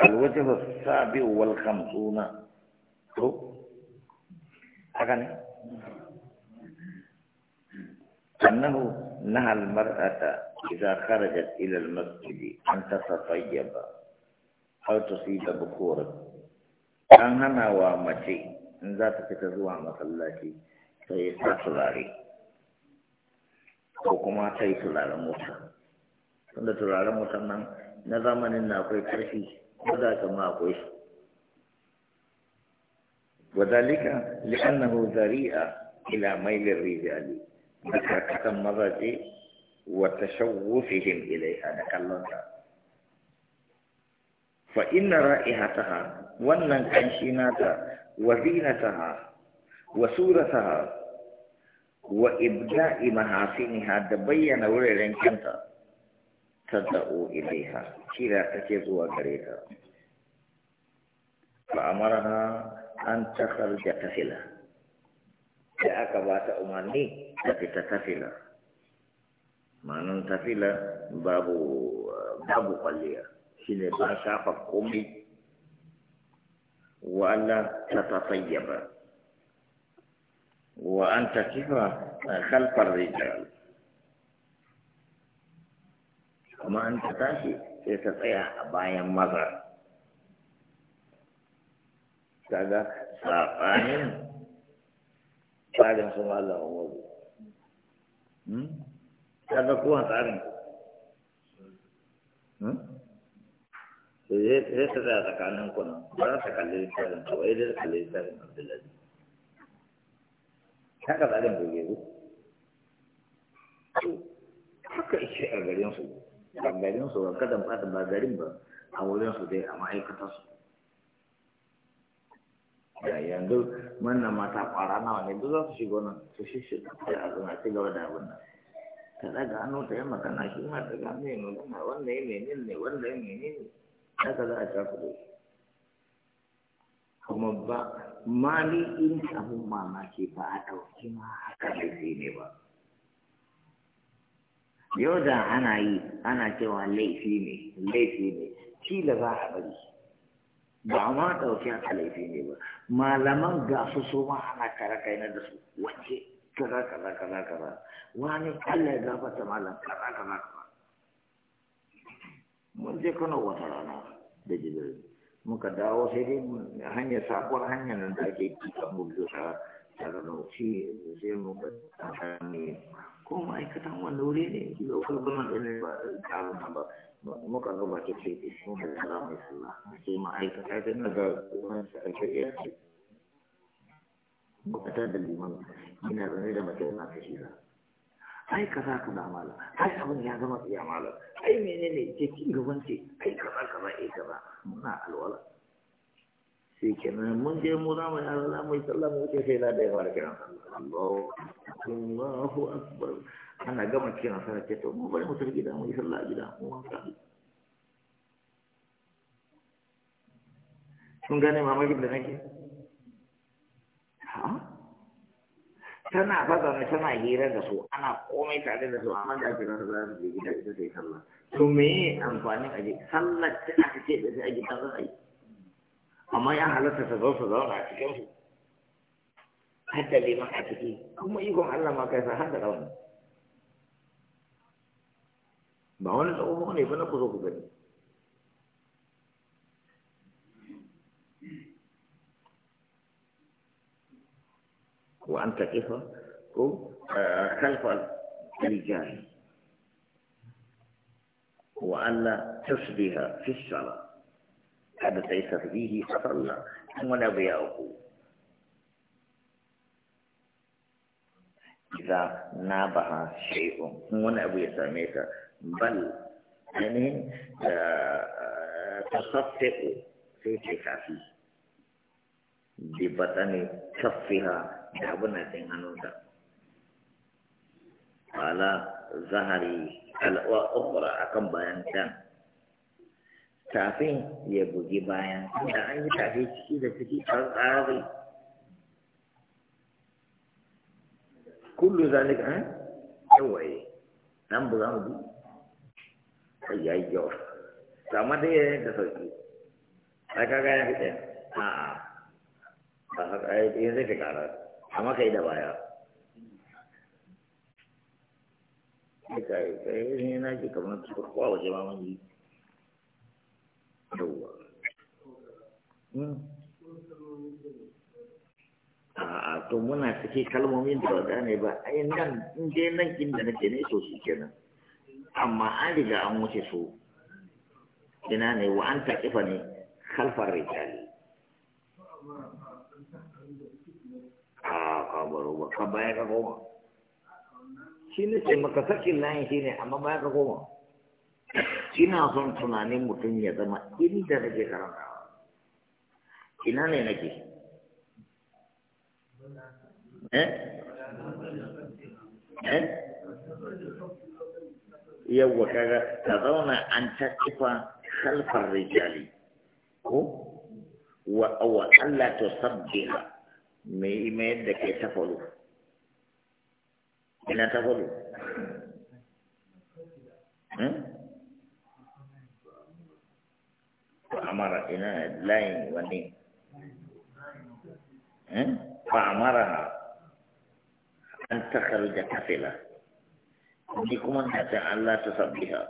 الوجه السابع والخمسون تو أغني أنه نهى المرأة إذا خرجت إلى المسجد أن تتطيب أو تصيب بكورا أن هنا ومشي إن ذات تتزوى مصلاتي سيسا تلاري وكما تيسلار موسى tunda turaren wutan nan na zamanin na akwai ƙarfi وذا كما قلت وذلك لأنه ذريئة إلى ميل الرجال بحركه المرض وتشوفهم إليها نكالنا فإن رائحتها ونن كنشيناتها وزينتها وصورتها وإبداء محاسنها تبين ورئ كنتها تدعو إليها إلى تكذوا قريبا فأمرها أن تخرج تفلا جاءك بات أماني تتتفلا ما ننتفلا باب باب قليا شنو ما شافك قومي تتطيب وأن تكف خلف الرجال kuma an ta tashi sai ta tsaya a bayan maza kaga saɓanin tsarin su malam wani hmm? kaga kuwa tsarin sai hmm? ta tsaya tsakanin kuna ba za ta kalli tsarin ta wai da kalli tsarin abdullahi haka tsarin bai gero haka ishe a garin su ba garin su ba kadan ba ba garin ba a wurin su dai a ma'aikata su ya yanzu manna mata kwara nawa ne duk za su shigo nan su shi shi a zuna ci gaba da abin nan ta daga hannu ta yi magana shi ma daga mai magana wanda ya menene ne wanda ya menene ne haka za a sha kuɗi kuma ba mali in abun mamaki ba a ɗauki ma haka da ne ba yau da ana yi ana cewa laifi ne laifi ne shi da za a bari ba ma ɗauki a laifi ne ba malaman ga su so ma ana kare kai na da su wace kaza kaza kaza kaza wani Allah ya gafata malam kaza kaza kaza mun je Kano wata rana da Jibril muka dawo sai dai hanyar sabuwar hanyar nan da ake kika mu biyo ta sai muka tsaya ko ma'aikatan wanda wuri ne lokal kuma ɗin ne ba a ba muka zo ba ta ce ko da ramai suna sai ma'aikata ta na ga wani sa'aita iya ce ta da liman ina zane da mace na shi ba ai kaza kaza malam ai abin ya zama tsiya malam ai menene ce ci gaban ce ai ka za ai za eh, muna alwala shi kenan mun je mu za mu yara za mu yi sallah mu wuce sai na da ya fara kiran sallah Allahu akbar ana gama cikin sallah ce to mu bari mu tafi gida mu yi sallah gida mu wanka kun gane mamakin da nake ha tana faɗa ne tana hira da su ana komai tare da su amma da ake rasa za su je gida ita sai sallah to me amfanin aje sallah ce ake ce da sai aje ta zai أما يعني على تصدق صدق لا تكلم حتى لي ما أتكي أما يقوم على ما كيف هذا لو ما هو لو هو نبنا كذا كذا وأنت كيف هو خلف الرجال وأن تصبها في الصلاه kada ta yi tasbihi a sallah in wani abu ya auku idza nabaha shay'un in wani abu ya same ta bal ainihin tasaffiqu sai ta kafi bi batani kaffiha da abin da ɗin hannunta ala zahari al'uwa ukura akan bayan can tafin ya bugi bayan da an yi tafi ciki da ciki har tsari kullu zalika an eh? yawaye eh. nan ba za mu bi kai ya yi yawa sama da ya da sauki a kaga ya fice a a ba haka ya eh, yi zai ka kara amma kai da baya kai kai yi. ne na ji kamar kowa waje ma mun yi yawwa hmm. a to muna cikin kalmomin da wada ne ba ai nan in dai nan inda nake ne to shi kenan amma an riga an wuce su ina ne wa an ta taƙifa ne kalfar rijali a kabaru ba ka baya ka koma shi ne sai maka sakin layin shi ne amma baya ka koma ina son tunanin mutum ya zama inda nake karantawa ina ne nake eh eh yawwa kaga ka zauna an takifa khalfar rijali ko wa wa Allah to sabbiha me me yadda ke tafalu ina tafalu hmm? فأمرتنا الليل والليل فأمرها أن تخرج كفلة عندكم أن تسأل الله تصبيها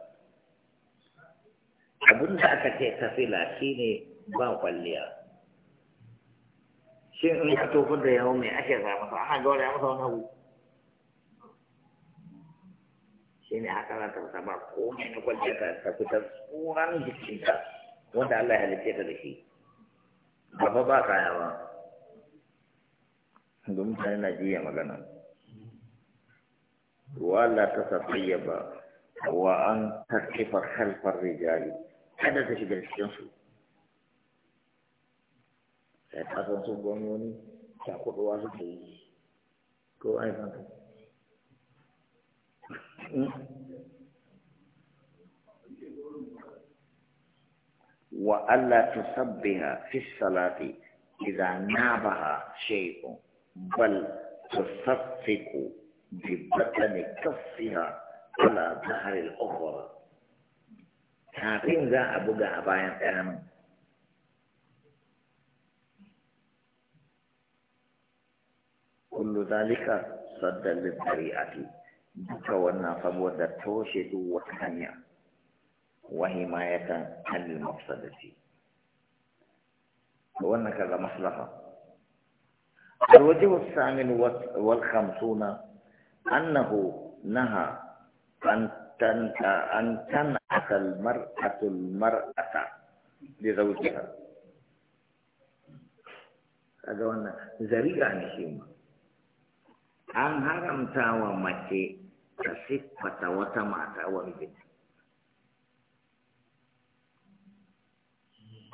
أبن تأتك كفلة كيني باقا ليا شين أن يتوفد يومي أشياء مصرحة قولي مصرحة نهو شين أكلا تبسا باقا كوني نقول wanda Allah ya halitta ka da shi ba fa ba kaya ba domin mutane na jiya magana wala ta safiya ba wa an tarkifa halfar rijali kada ta shiga cikin su sai kasan sun gwamnoni su ke yi ko ai san وألا تصبها في الصلاة إذا نابها شيء بل تصفق ببطن كفها على ظهر الأخرى كافين ذا أبو جابايا أم كل ذلك صدى للطريقة بك وانا فبوذا توشد وتهنئة وحماية عن المفسدة وأن لمصلحة مصلحة الوجه الثامن والخمسون أنه نهى أن أن تنعت المرأة المرأة لزوجها هذا هو ذريعة نشيمة أن هرمتا ومتي تصفة وتمعت ومبنت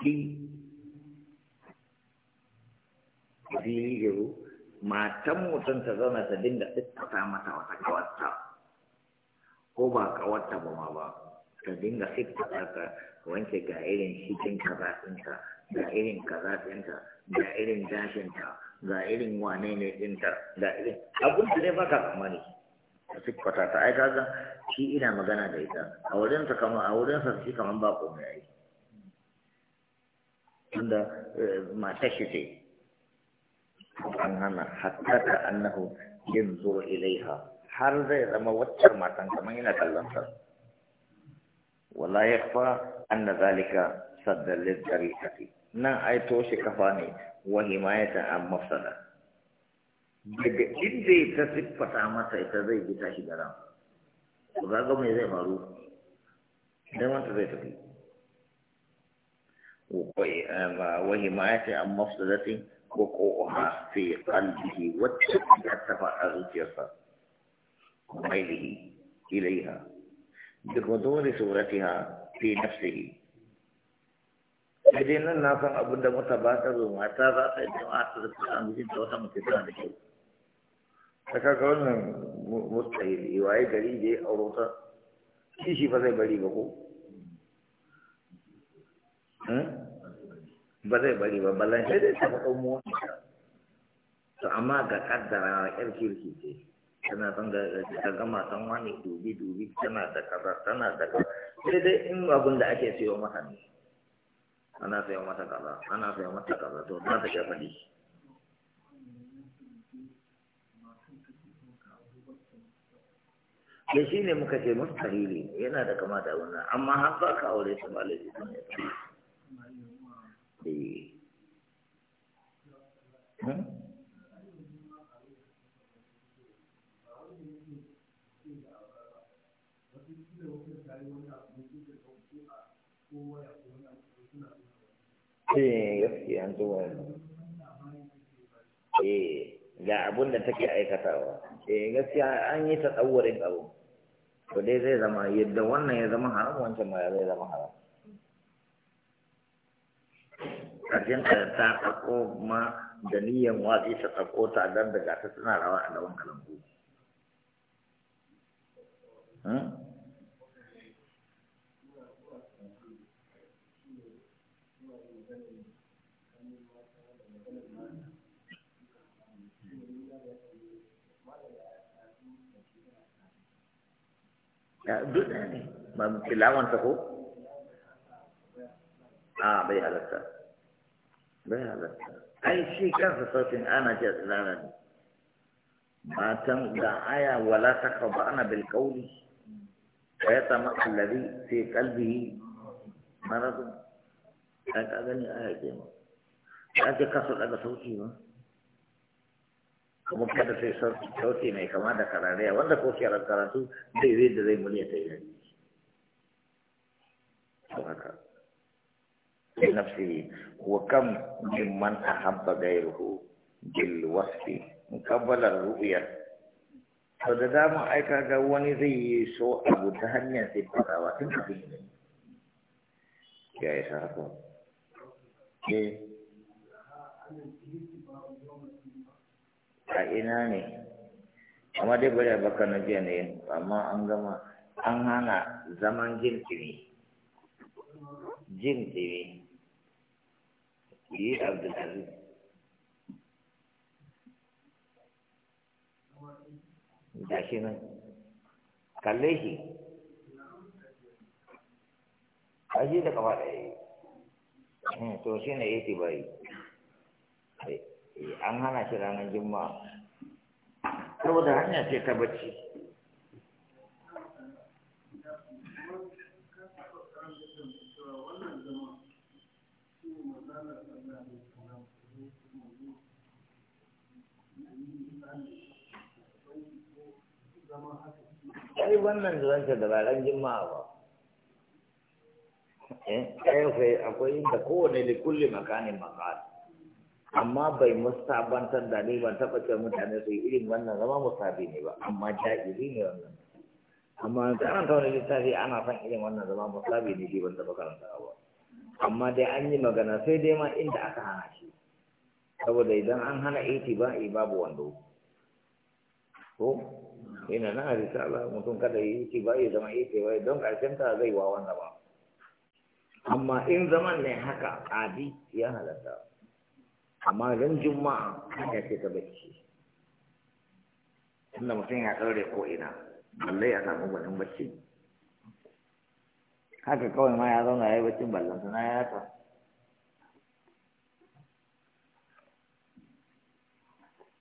ki biyu gero matan mutum ta zauna ta dinga siffata mata wata kawarta ko ba kawarta ba ma ba ta dinga siffata ta wanke ga irin cikin kaza ɗinta ga irin kaza ɗinta ga irin gashinta ga irin wane ne ɗinta ga irin abin da ne baka kamari ta siffata ta aika kaga shi ina magana da ita a wurinsa kamar a wurinsa shi kamar ba komai ai tunda eh, matar shi ce an hana hatta ta annahu yin zuwa ilaiha har zai zama waccan matan kamar yana kallon sa wala yakfa anna zalika saddan lizzariqati nan ai toshe kafa ne wa himayata an mafsada daga inda ta siffata masa ita zai ji tashi garan to ga mai zai faru Idan wanta zai tafi وحماية عن مفسدة وقوعها في قلبه والتفاء أغجرها وميله إليها بغضور صورتها في نفسه Jadi nan na san abin da mata ba ta zo mata za ta yi jama'a ta zafi a mijin ta wata mace tana da kyau. Ta kaga wannan mustahil waye gari da ya auro ta kishi ba zai bari ba ko. Hmm? ba zai bari ba ballan sai dai ta faɗo mu to amma ga kaddara yar kirki ce tana son ga ga gama san wani dubi dubi tana da kaza tana da kaza sai dai in abun da ake sayo masa ne ana sayo masa kaza ana sayo masa kaza to za ta shafa ne da shi ne muka ce mustahili yana da kama da wannan amma har ba ka aure su ba laifin ne eh an gaskiya tuwa eh ga abun da take aikatawa eh gaskiya an yi ta tsawurin abu to dai zai zama yadda wannan ya zama haram wancan ma zai zama haram kajian ta aku ma da niyan watsi ta ɗauko ta dan dekat ta rawa a orang kalangu duk ɗaya ne ba tilawan ta ko a bai halatta لا لا أي شيء كان في صوت أنا جزلانا ما تم دعايا ولا تخضعنا بالقول ويطمع الذي في قلبه مرض هذا أغني آية جيمة هذا كسر هذا صوتي ما kuma kada sai صوتي ما kama da عليها wanda ko على karatu دي zai دي zai murya سبحانه yi وكم ممن أحب غيره بالوصف قبل الرؤية فده داما أيكا جواني زي سو أبو دهنيا في براوات مدينة يا إسحاق إيه أين ne amma dai bari a baka na biya ne amma an gama an hana zaman jin tiri jin tiri yi abdulaziz da shi nan kalle shi a shi kafa ɗaya yi hmm, shi ne yake eh, an hana shi ranar juma'a saboda hanya ce ta barci. ai wannan zuwanta da ba ran jima'a ba ɗaya eh, sai akwai da kowane da kulle makanin makar amma bai musabantar da ni ban taɓa ce mutane su irin wannan zama musabi ne ba amma ja'iri ne wannan amma karanta wani littafi ana son irin wannan zama musabi ne shi ban taɓa karanta ba amma dai an yi magana sai dai ma inda aka hana shi saboda idan an hana iti ba babu wando ko ina na risala mutum kada yi ki ba ya yi ke bai don karshen ta zai wa wannan ba amma in zaman ne haka adi ya halatta amma ran juma'a kada ce ta bacci tunda mutum ya ɗaure ko ina balle ya samu gwanin bacci haka kawai ma ya zauna ya yi baccin ballon sana ya ta